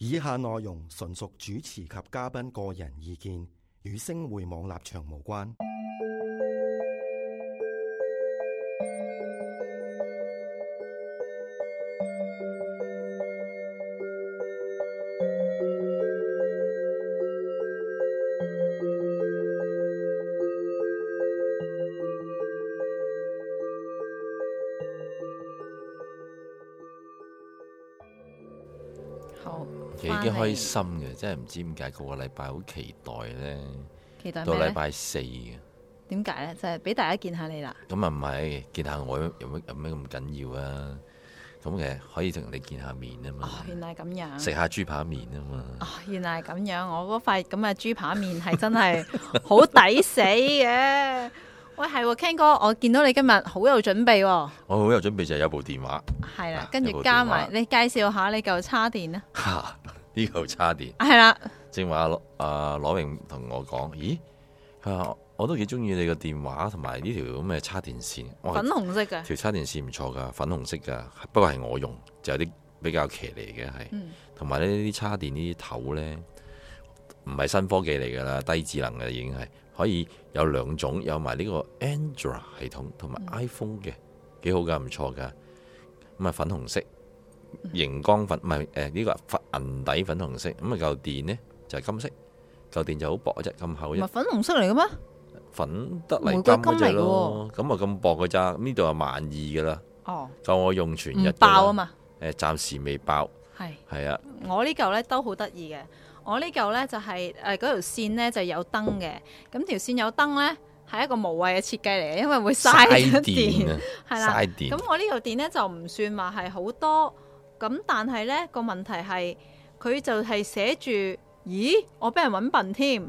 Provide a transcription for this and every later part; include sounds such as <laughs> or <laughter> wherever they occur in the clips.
以下內容純屬主持及嘉賓個人意見，與星匯網立場無關。開心嘅，真係唔知點解個個禮拜好期待咧。期待咩咧？到禮拜四嘅。點解咧？就係、是、俾大家見下你啦。咁啊唔係，見下我有乜有乜咁緊要啊？咁嘅，可以同你見下面啊嘛。哦，原來咁樣。食下豬扒麵啊嘛。哦，原來咁樣。我嗰塊咁嘅豬扒麵係真係好抵死嘅。 <laughs> 喂，係 Ken 哥，我見到你今日好有準備、哦。我好有準備就係有一部電話。係啦，跟住加埋、啊、你介紹下你舊叉電啦。 <laughs> 呢條插電係啦，正話阿阿羅榮同我講，咦，佢、啊、我都幾中意你個電話同埋呢條咁嘅插電線，粉紅色噶條插電線唔錯噶，粉紅色噶，不過係我用就有啲比較騎呢嘅，係同埋呢啲插電呢啲頭呢，唔係新科技嚟噶啦，低智能嘅已經係可以有兩種，有埋呢個 Android 系統同埋 iPhone 嘅，幾、嗯、好噶，唔錯噶，咁、嗯、啊粉紅色。熒光粉唔係誒呢個銀底粉紅色咁啊嚿電呢，就係、是、金色嚿電就好薄啫咁厚一，唔係粉紅色嚟嘅咩？粉得嚟金啫咯，咁啊咁薄嘅咋？呢度係萬二嘅啦，哦，夠我用全日嘅爆啊嘛？誒，暫時未爆，係係啊，我呢嚿咧都好得意嘅，我呢嚿咧就係誒嗰條線呢就有燈嘅，咁條線有燈咧係一個無謂嘅設計嚟嘅，因為會嘥電係啦，嘥、 <laughs> 啊、電。咁我呢嚿電咧就唔算話係好多。咁但係咧、呢個問題係佢就係寫住咦我俾人搵笨添，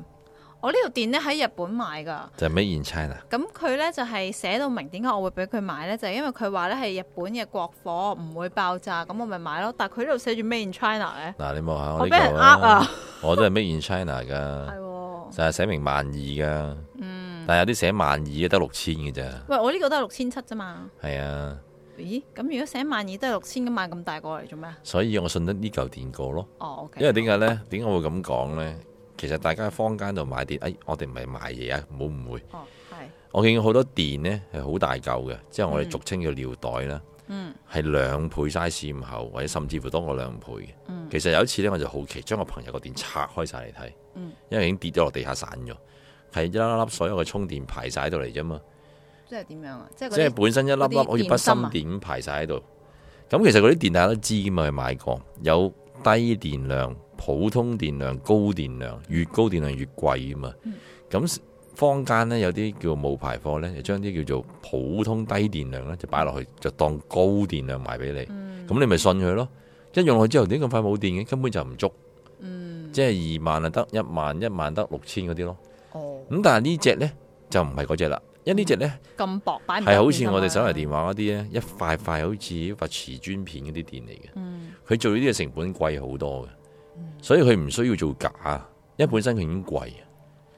我呢條電咧喺日本買噶，即係 made in China 咁佢咧就係寫到明，點解我會俾佢買咧就係、是、因為佢話咧係日本嘅國貨唔會爆炸，咁我咪買咯，但係佢呢度寫住 made in China 咧嗱、啊、你望下我，、這個、我俾人呃啊，我都係 made in China 噶，係就係寫明萬二噶，嗯，但係有啲寫萬二得六千嘅咋。喂，我呢個都係六千七咋嘛，係啊。咦，咁如果成一萬二都係六千咁買咁大個嚟做咩啊？所以我信得呢嚿電過咯。哦、oh, okay，因為點解咧？點、啊、解我會咁講咧？其實大家喺坊間度買電，哎，我哋唔係賣嘢啊，唔好誤會。哦，係。我見好多電咧係好大嚿嘅，即係我哋俗稱叫尿袋啦。嗯。係兩倍曬線厚，或者甚至乎多過兩倍嘅。嗯。其實有一次咧，我就好奇將我朋友個電拆開晒嚟睇。因為已經跌咗落地下散咗，係一粒粒所有嘅充電排晒喺度嚟啫嘛。即係點樣啊？即係、啊、本身一粒粒好似筆芯點排晒喺度，咁其實嗰啲電大家都知嘛，去買過有低電量、普通電量、高電量，越高電量越貴啊嘛。咁、嗯、坊間咧有啲叫冇牌貨咧，就將啲叫做普通低電量咧就擺落去，就當高電量賣俾你。咁、嗯、你咪信佢咯？一用落去之後點解咁快冇電嘅？根本就唔足、嗯。即係二萬啊得一萬，一萬得六千嗰啲咯。咁、哦、但係呢隻咧就唔係嗰隻啦。因呢隻咧咁薄，係好似我哋手提電話嗰啲咧，一塊塊好似一塊瓷磚片嗰啲電嚟嘅。嗯塊塊，佢、嗯、做呢啲嘅成本貴好多嘅，嗯、所以佢唔需要做假，因為本身佢已經貴啊。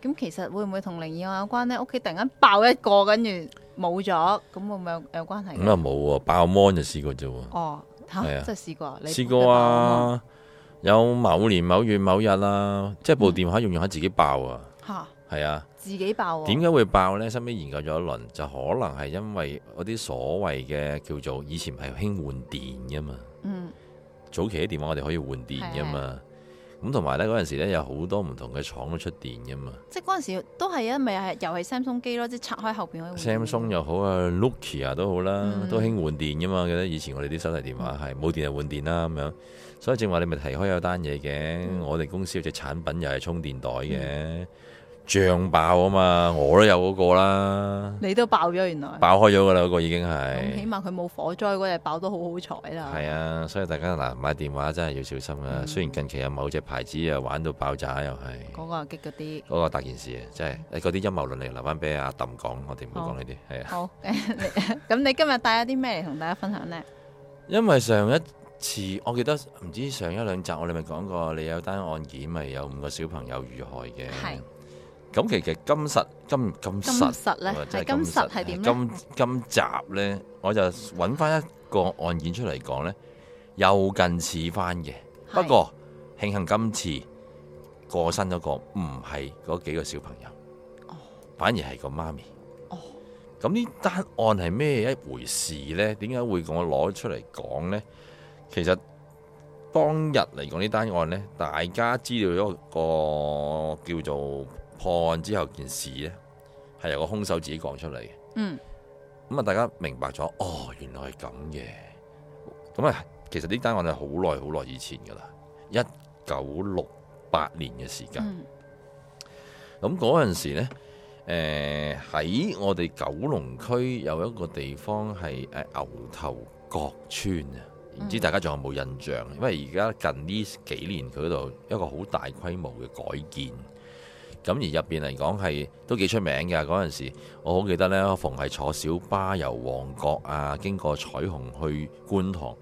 咁、嗯、其實會唔會同靈異案有關咧？屋企突然間爆一個，跟住冇咗，咁會唔會有關係？咁、嗯、啊冇喎，爆芒就試過啫。哦、吓、啊啊，即係試過。你試過啊？有某年某月某日啦、啊、嗯、即係部電話用用喺自己爆啊。吓，係啊。自己爆喎，啊？點解會爆呢？身邊研究咗一輪，就可能係因為嗰啲所謂嘅叫做以前係興換電噶嘛。嗯，早期啲電話我哋可以換電噶嘛。咁、嗯、同埋呢嗰陣時咧有好多唔同嘅廠都出電噶嘛。即係嗰陣時都係因咪係又係 Samsung 機咯，即係拆開後邊可以換 Samsung 又好啊 Nokia 都好啦，啊嗯，都興換電噶嘛。記得以前我哋啲手提電話係冇、嗯、電就換電啦咁樣。所以正話你咪提開有單嘢嘅，我哋公司有隻產品又係充電袋嘅。嗯嗯脹爆啊嘛！我都有嗰個啦，你都爆咗原來，爆開咗噶啦，嗰個已經係、嗯。起碼佢冇火災嗰日爆得好好彩啦。係啊，所以大家嗱買電話真係要小心啊，嗯。雖然近期有某隻牌子啊玩到爆炸又係。嗰，嗰個激嗰啲，嗰，嗰個大件事啊，真係嗰啲陰謀論嚟，留翻俾阿氹講，我哋唔好講呢啲係啊。好，咁 <laughs> <laughs> 你今日帶咗啲咩嚟同大家分享呢？因為上一次我記得唔知上一兩集我哋咪講過，你有單案件咪有五個小朋友遇害嘅咁其實今實今今實咧，係今實係點今今集咧，我就揾翻一個案件出嚟講咧，又近似翻嘅。不過慶幸今次過身嗰個唔係嗰幾個小朋友，哦，反而係個媽咪。哦，咁呢單案係咩一回事咧？點解會我攞出嚟講咧？其實當日嚟講呢單案咧，大家知道一個叫做。破案之後件事呢，係由個兇手自己講出嚟嘅。嗯，咁啊，大家明白咗，哦，原來係咁嘅。咁啊，其實呢單案係好耐好耐以前噶啦，一九六八年嘅時間。咁嗰陣時咧，誒喺我哋九龍區有一個地方係牛頭角村啊，唔、嗯、知大家仲有冇印象？因為而家近呢幾年佢嗰度一個好大規模嘅改建。咁而入面嚟講係都幾出名嘅，嗰陣時，我好記得呢，逢係坐小巴由旺角啊經過彩虹去觀塘，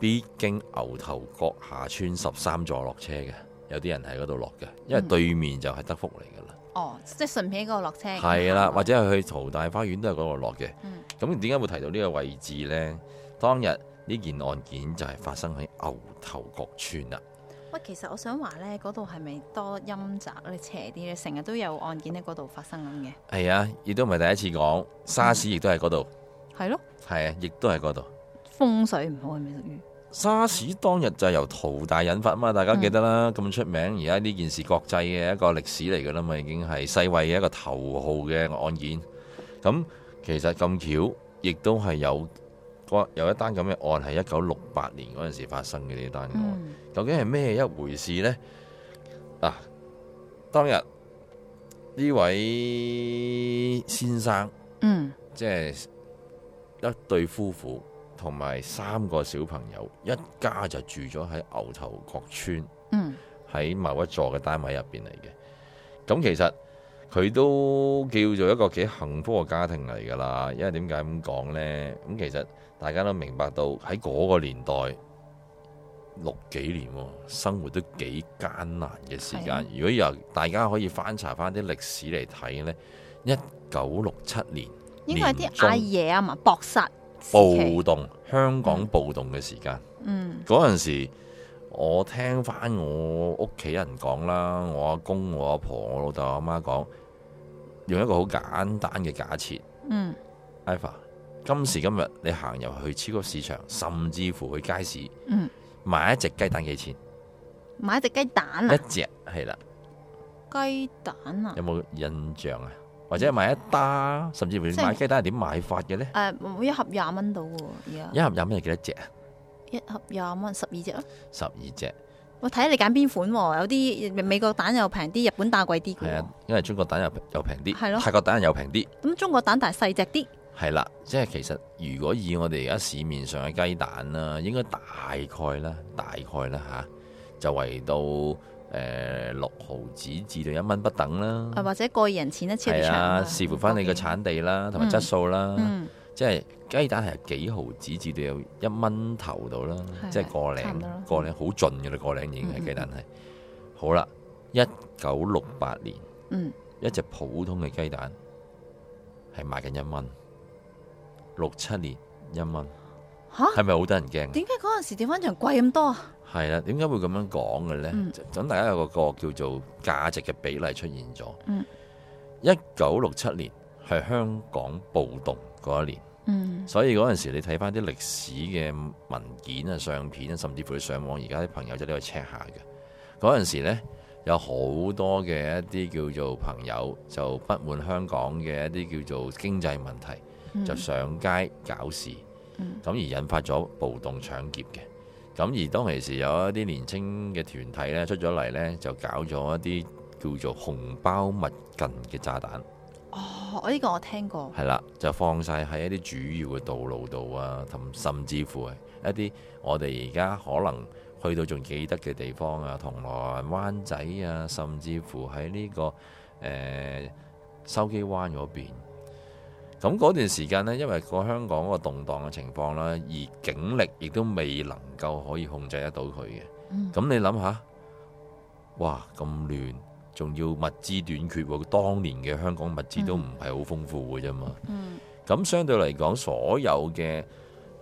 必經牛頭角下村十三座落車嘅，有啲人喺嗰度落嘅，因為對面就係德福嚟㗎啦。哦，即係順便喺嗰度落車。係啦，或者係去淘大花園都係嗰度落嘅。嗯，咁點解會提到呢個位置呢？當日呢件案件就係發生喺牛頭角村啦。其實我想話呢，嗰度係咪多陰宅你邪啲咧？成日都有案件喺嗰度發生咁嘅。係啊，亦都唔係第一次講，沙士亦都係嗰度。係、嗯、咯。係啊，亦都係嗰度。風水唔好係咪屬於？沙士當日就由淘大引發嘛，大家記得啦。咁、嗯、出名，而家呢件事國際嘅一個歷史嚟噶啦嘛，已經係世衛嘅一個頭號嘅案件。咁其實咁巧，亦都係有。有一單咁嘅案係一九六八年嗰陣時發生嘅呢單案，究竟係咩一回事呢？嗱、啊，當日呢位先生，嗯，即、就、係、是、一對夫婦同埋三個小朋友，一家就住咗喺牛頭角村，喺、嗯、某一座嘅單位入邊嚟嘅。咁其實。佢都叫做一個幾幸福嘅家庭嚟㗎啦，因為點解咁講呢？咁其實大家都明白到喺嗰個年代六幾年，生活都幾艱難嘅時間、啊。如果又大家可以翻查翻啲歷史嚟睇呢，一九六七年，應該係啲阿爺啊嘛，暴殺暴動，香港暴動嘅時間。嗯，嗰時我聽翻我屋企人講啦，我阿公、我阿婆、我老豆、我阿媽講，用一個好簡單嘅假設，嗯，Iva，今時今日你行入去超級市場，甚至乎去街市，嗯，買一隻雞蛋幾錢？買一隻雞蛋啊？一隻係啦。雞蛋啊？有冇印象啊？或者買一打，甚至乎買雞蛋係點買法嘅咧？誒、呃，一盒廿蚊到喎，而家一盒廿蚊係幾多隻啊？一盒廿蚊，十二隻啊？十二隻。我睇下你揀邊款喎、哦，有啲美國蛋又平啲，日本蛋貴啲。係啊，因為中國蛋又又平啲，係咯，泰國蛋又平啲。咁中國蛋大細隻啲。係啦，即係其實如果以我哋而家市面上嘅雞蛋啦、啊，應該大概啦，大概啦吓、啊，就圍到誒、呃、六毫子至到一蚊不等啦。或者個人錢一市場。係啊，視乎翻你個產地啦，同埋質素啦。嗯嗯即係雞蛋係幾毫紙至到有一蚊頭到啦，即係過零過零好盡嘅啦，過零已經係雞蛋係、嗯。好啦，一九六八年，嗯，一隻普通嘅雞蛋係賣緊一蚊，六七年一蚊，吓係咪好得人驚？點解嗰陣時點翻場貴咁多？係啦，點解會咁樣講嘅咧？咁、嗯、大家有個個叫做價值嘅比例出現咗。一九六七年係香港暴動嗰一年。所以嗰陣時，你睇返啲歷史嘅文件啊、相片啊，甚至乎你上網，而家啲朋友在呢度 check 下嘅。嗰陣時呢，有好多嘅一啲叫做朋友，就不滿香港嘅一啲叫做經濟問題，就上街搞事，咁、嗯、而引發咗暴動搶劫嘅。咁而當其時有一啲年輕嘅團體呢，出咗嚟呢，就搞咗一啲叫做同胞勿近嘅炸彈。我、這、呢個我聽過，係啦，就放晒喺一啲主要嘅道路度啊，同甚至乎係一啲我哋而家可能去到仲記得嘅地方啊，銅鑼灣仔啊，甚至乎喺呢、這個誒筲箕灣嗰邊。咁、呃、嗰段時間呢，因為個香港個動盪嘅情況啦，而警力亦都未能夠可以控制得到佢嘅。咁、嗯、你諗下，哇咁亂！這麼亂仲要物資短缺喎，當年嘅香港物資都唔係好豐富嘅啫嘛。咁、嗯、相對嚟講，所有嘅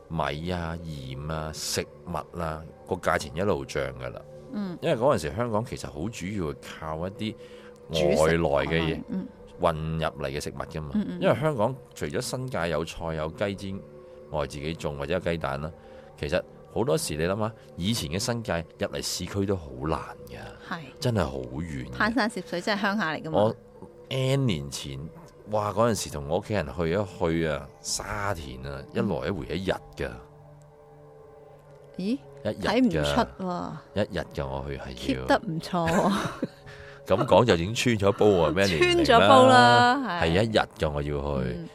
米啊、鹽啊、食物啦、啊，個價錢一路漲㗎啦、嗯。因為嗰陣時香港其實好主要係靠一啲外來嘅嘢運入嚟嘅食物㗎嘛、嗯嗯。因為香港除咗新界有菜有雞之外，自己種或者有雞蛋啦，其實。好多時你諗下，以前嘅新界入嚟市區都好難嘅，真係好遠，攀山涉水真係鄉下嚟噶嘛？我 N 年前，哇嗰陣時同我屋企人去一去啊，沙田啊，一來一回一日㗎、嗯。咦？一日㗎，睇唔出喎，一日㗎，我去係要得唔錯。咁 <laughs> 講 <laughs> 就已經穿咗煲喎，咩穿咗煲啦？係一日㗎，我要去。嗯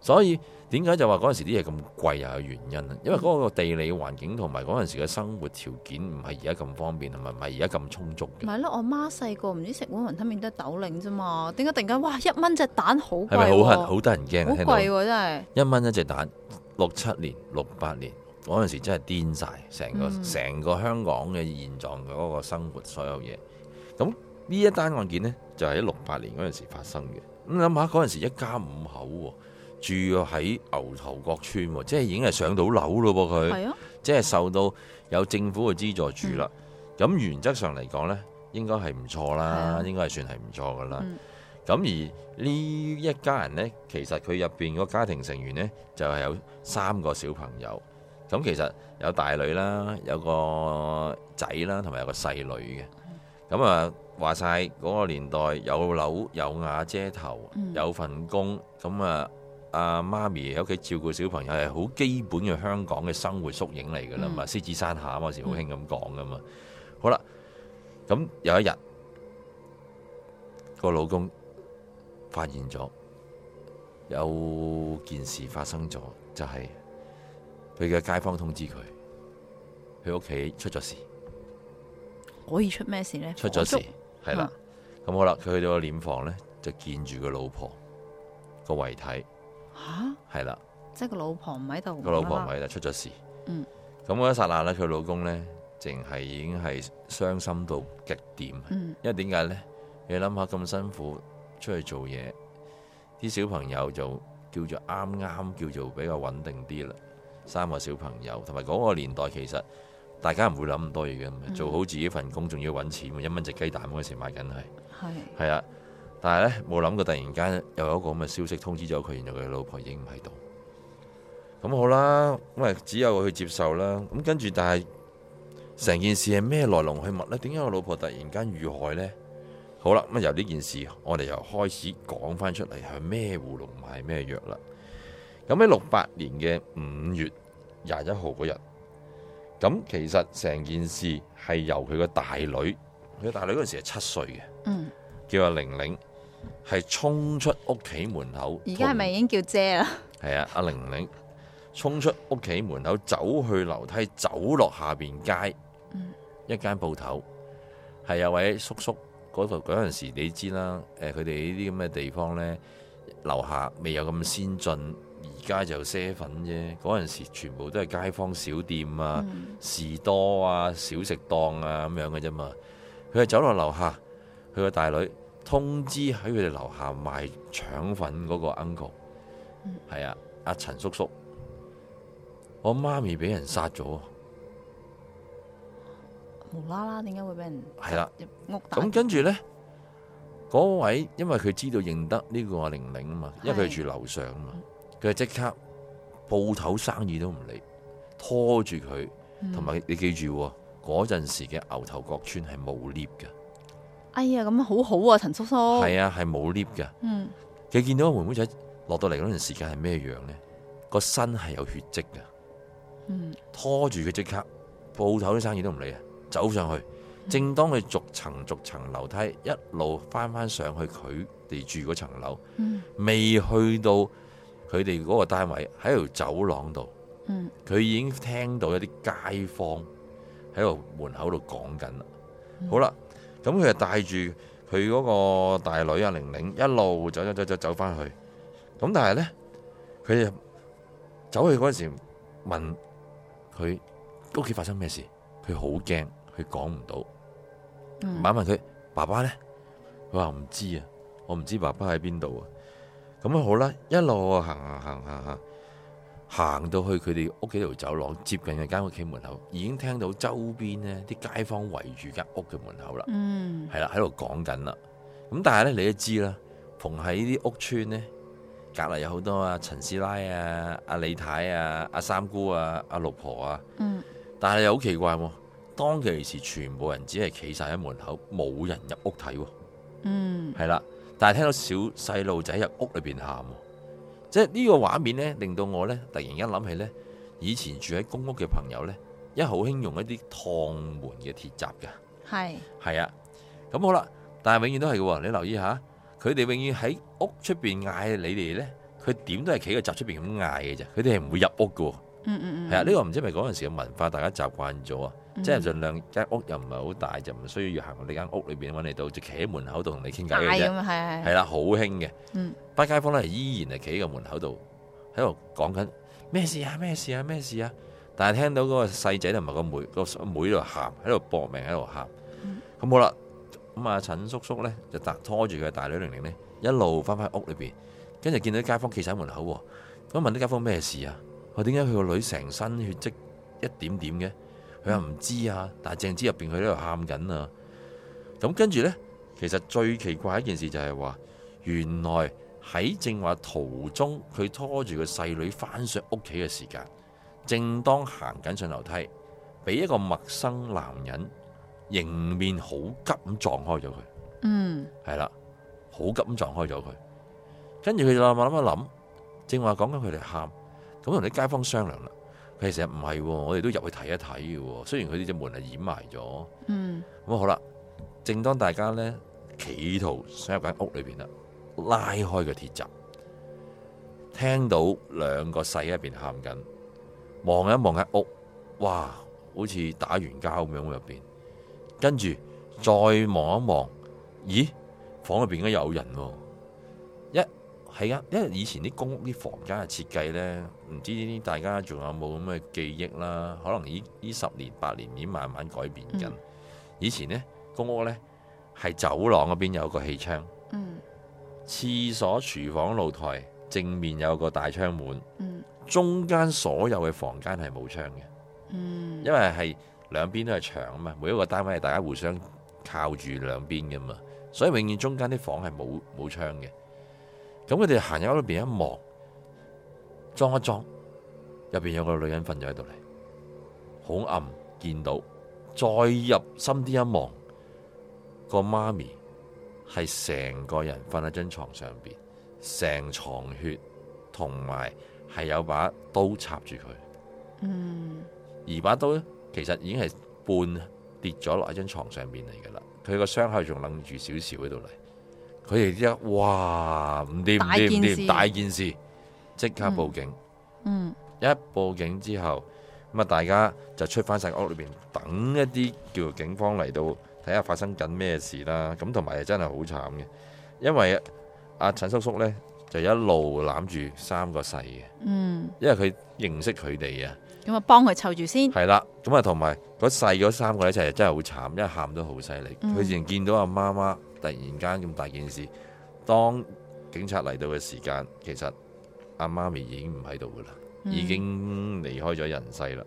所以點解就話嗰陣時啲嘢咁貴又有原因啊？因為嗰個地理環境同埋嗰陣時嘅生活條件唔係而家咁方便，唔係唔係而家咁充足嘅。唔係咯，我媽細個唔知食碗雲吞麪得豆零啫嘛？點解突然間哇一蚊隻蛋好、啊？係咪好好得人驚好貴喎、啊，真係一蚊一隻蛋。六七年、六八年嗰陣時真係癲晒，成個成、嗯、個香港嘅現狀嗰個生活所有嘢。咁呢一單案件呢，就係喺六八年嗰陣時發生嘅。咁諗下嗰陣時一家五口，住喺牛頭角村，即係已經係上到樓咯噃佢，即係受到有政府嘅資助住啦。咁、嗯、原則上嚟講呢，應該係唔錯啦，應該係算係唔錯噶啦。咁、嗯、而呢一家人呢，其實佢入面個家庭成員呢，就係、是、有三個小朋友。咁、嗯、其實有大女啦，有個仔啦，同埋有個細女嘅。咁啊，話晒嗰個年代有樓有瓦遮頭，有份工，咁、嗯、啊～阿、啊、媽咪喺屋企照顧小朋友係好基本嘅香港嘅生活縮影嚟噶啦，嘛獅子山下啊嘛，時好興咁講噶嘛。好啦，咁有一日，那個老公發現咗有件事發生咗，就係佢嘅街坊通知佢，佢屋企出咗事。可以出咩事呢？出咗事係啦。咁、嗯、好啦，佢去到個殮房咧，就見住個老婆個遺體。吓、啊，係啦，即係個老婆唔喺度，個老婆唔喺度出咗事。嗯，咁嗰一剎那咧、個，佢老公咧，淨係已經係傷心到極點、嗯。因為點解咧？你諗下咁辛苦出去做嘢，啲小朋友就叫做啱啱叫做比較穩定啲啦。三個小朋友同埋嗰個年代，其實大家唔會諗咁多嘢嘅、嗯，做好自己份工，仲要搵錢，一蚊隻雞蛋嗰時賣緊係，係，係啊。但係咧冇諗過突然間又有一個咁嘅消息通知咗佢，原來佢老婆已經唔喺度。咁好啦，咁啊只有去接受啦。咁跟住，但係成件事係咩來龍去脈呢？點解我老婆突然間遇害呢？好啦，咁由呢件事我哋又開始講翻出嚟係咩葫蘆賣咩藥啦。咁喺六八年嘅五月廿一號嗰日，咁其實成件事係由佢個大女，佢個大女嗰陣時係七歲嘅，嗯，叫阿玲玲。係衝出屋企門口，而家係咪已經叫姐啦？係啊，阿玲玲衝出屋企門口，走去樓梯，走落下邊街，嗯、一間鋪頭係有位叔叔嗰度。嗰陣、那個、時你知啦，誒，佢哋呢啲咁嘅地方呢，樓下未有咁先進，而家就有啡粉啫。嗰陣時全部都係街坊小店啊，士、嗯、多啊，小食檔啊咁樣嘅啫嘛。佢係走落樓下，佢個大女。通知喺佢哋樓下賣腸粉嗰個 uncle，係、嗯、啊，阿陳叔叔，我媽咪俾人殺咗，無啦啦點解會俾人？係啦、啊，入屋打咁跟住咧，嗰位因為佢知道認得呢個阿玲玲啊嘛，因為佢住樓上啊嘛，佢係即刻鋪頭生意都唔理，拖住佢，同、嗯、埋你記住嗰、啊、陣時嘅牛頭角村係冇 lift 嘅。哎呀，咁好好啊，陳叔叔。係啊，係冇 lift 嘅。嗯。佢見到個妹妹仔落到嚟嗰段時間係咩樣咧？個身係有血跡嘅。嗯。拖住佢即刻，鋪頭啲生意都唔理啊，走上去。嗯、正當佢逐層逐層樓梯一路翻翻上去佢哋住嗰層樓，未去到佢哋嗰個單位喺條走廊度，佢、嗯、已經聽到一啲街坊喺個門口度講緊啦。好啦。咁佢就帶住佢嗰個大女阿玲玲一路走走走走走返去，咁但係咧，佢就走去嗰陣時問佢屋企發生咩事，佢好驚，佢講唔到，問一問佢爸爸咧，佢話唔知啊，我唔知爸爸喺邊度啊，咁啊好啦，一路行行行行行。行到去佢哋屋企條走廊，接近一間屋企門口，已經聽到周邊呢啲街坊圍住間屋嘅門口啦。嗯，係啦，喺度講緊啦。咁但係咧，你都知啦，逢喺啲屋村呢，隔離有好多啊陳師奶啊、阿李太啊、阿三姑啊、阿六婆啊。嗯。但係又好奇怪，當其時全部人只係企晒喺門口，冇人入屋睇。嗯。係啦，但係聽到小細路仔入屋裏邊喊。即係呢個畫面咧，令到我咧突然間諗起咧，以前住喺公屋嘅朋友咧，一好興用一啲趟門嘅鐵閘嘅。係，係啊，咁好啦，但係永遠都係嘅喎。你留意下，佢哋永遠喺屋出邊嗌你哋咧，佢點都係企個閘出邊咁嗌嘅啫，佢哋係唔會入屋嘅。嗯嗯嗯，係啊，呢個唔知係咪嗰陣時嘅文化，大家習慣咗啊。嗯、即係盡量間屋又唔係好大，就唔需要要行喺呢間屋裏邊揾你到，就企喺門口度同你傾偈嘅啫。係啦，好興嘅。嗯，啲街坊咧依然係企喺個門口度，喺度講緊咩事啊？咩事啊？咩事啊？但係聽到嗰個細仔同埋個妹個妹喺度喊，喺度搏命喺度喊。咁、嗯、好啦，咁啊，陳叔叔咧就搭拖住佢大女玲玲咧，一路翻返屋裏邊。跟住見到啲街坊企喺門口，咁問啲街坊咩事啊？佢點解佢個女成身血跡一點點嘅？佢又唔知啊，但係淨知入邊佢喺度喊緊啊。咁跟住呢，其實最奇怪一件事就係話，原來喺正話途中，佢拖住個細女翻上屋企嘅時間，正當行緊上樓梯，俾一個陌生男人迎面好急咁撞開咗佢。嗯，係啦，好急咁撞開咗佢。跟住佢就諗啊諗一諗，正話講緊佢哋喊，咁同啲街坊商量啦。其實唔係，我哋都入去睇一睇嘅。雖然佢呢隻門係掩埋咗，咁、嗯、好啦。正當大家咧企圖想入間屋裏邊啦，拉開個鐵閘，聽到兩個細一邊喊緊，望一望喺屋，哇，好似打完交咁樣入邊。跟住再望一望，咦，房入邊咧有人，啊，一。係啊，因為以前啲公屋啲房間嘅設計呢，唔知大家仲有冇咁嘅記憶啦？可能呢呢十年八年已經慢慢改變緊、嗯。以前呢公屋呢，係走廊嗰邊有個氣窗、嗯，廁所、廚房、露台正面有個大窗門，嗯、中間所有嘅房間係冇窗嘅、嗯。因為係兩邊都係牆啊嘛，每一個單位係大家互相靠住兩邊噶嘛，所以永遠中間啲房係冇冇窗嘅。咁佢哋行入去入邊一望，裝一裝，入邊有個女人瞓咗喺度嚟，好暗，見到再入深啲一,一望，個媽咪係成個人瞓喺張床上邊，成床血，同埋係有把刀插住佢，嗯，而把刀咧其實已經係半跌咗落喺張床上邊嚟噶啦，佢個傷口仲楞住少少喺度嚟。佢哋一哇，唔掂唔掂唔掂，大件事即刻報警嗯。嗯，一報警之後咁啊，大家就出翻晒屋裏邊等一啲叫警方嚟到睇下發生緊咩事啦。咁同埋真係好慘嘅，因為阿陳叔叔呢，就一路攬住三個細嘅。嗯，因為佢認識佢哋啊。咁、嗯、啊，幫佢湊住先。係啦，咁啊，同埋嗰細嗰三個一齊就真係好慘，因為喊到好犀利。佢、嗯、以前見到阿媽媽。突然間咁大件事，當警察嚟到嘅時間，其實阿媽咪已經唔喺度噶啦，已經離開咗人世啦，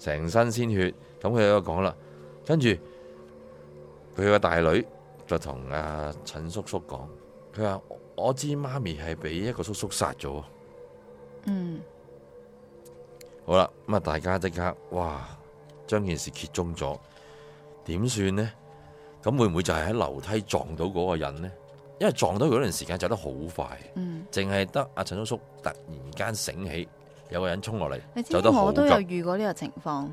成身鮮血，咁佢喺度講啦，跟住佢個大女就同阿陳叔叔講，佢話我知媽咪係俾一個叔叔殺咗，嗯，好啦，咁啊大家即刻哇，將件事揭中咗，點算呢？咁會唔會就係喺樓梯撞到嗰個人呢？因為撞到佢嗰段時間走得好快，淨係得阿陳叔叔突然間醒起，有個人衝落嚟，走得好急。我都有遇過呢個情況。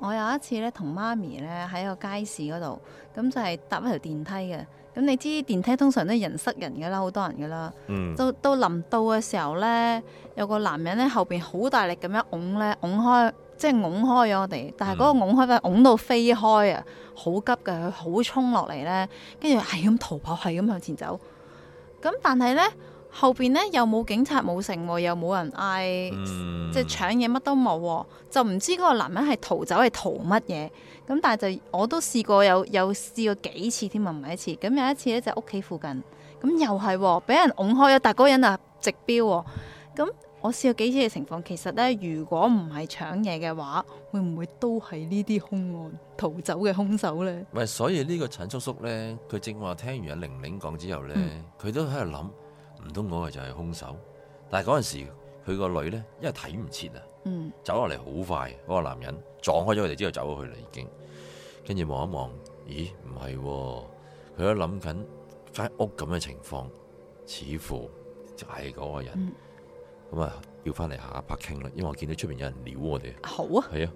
我有一次咧，同媽咪咧喺個街市嗰度，咁就係搭一條電梯嘅。咁你知電梯通常都係人塞人㗎啦，好多人㗎啦。到、嗯、到臨到嘅時候呢，有個男人呢，後面好大力咁樣拱呢，拱開。即係拱開咗我哋，但係嗰個拱開翻拱到飛開啊！好急嘅，佢好衝落嚟咧，跟住係咁逃跑，係咁向前走。咁但係呢，後邊呢又冇警察冇成，又冇人嗌即係搶嘢，乜都冇，就唔知嗰個男人係逃走係逃乜嘢。咁但係就我都試過有有試過幾次添啊，唔係一次。咁有一次咧就屋企附近，咁又係俾、哦、人拱開啊，但係嗰人啊直標喎咁。我試過幾次嘅情況，其實咧，如果唔係搶嘢嘅話，會唔會都係呢啲凶案逃走嘅凶手咧？唔係，所以呢個陳叔叔咧，佢正話聽完阿玲玲講之後咧，佢、嗯、都喺度諗，唔通嗰個就係凶手？但係嗰陣時佢個女咧，因為睇唔切啊，嗯，走落嚟好快，嗰個男人撞開咗佢哋之後走咗去啦，已經，跟住望一望，咦，唔係喎？佢喺度諗緊返屋咁嘅情況，似乎就係嗰個人。嗯咁、嗯、啊，要翻嚟下一 part 傾啦，因為我見到出邊有人撩我哋。好啊，係啊。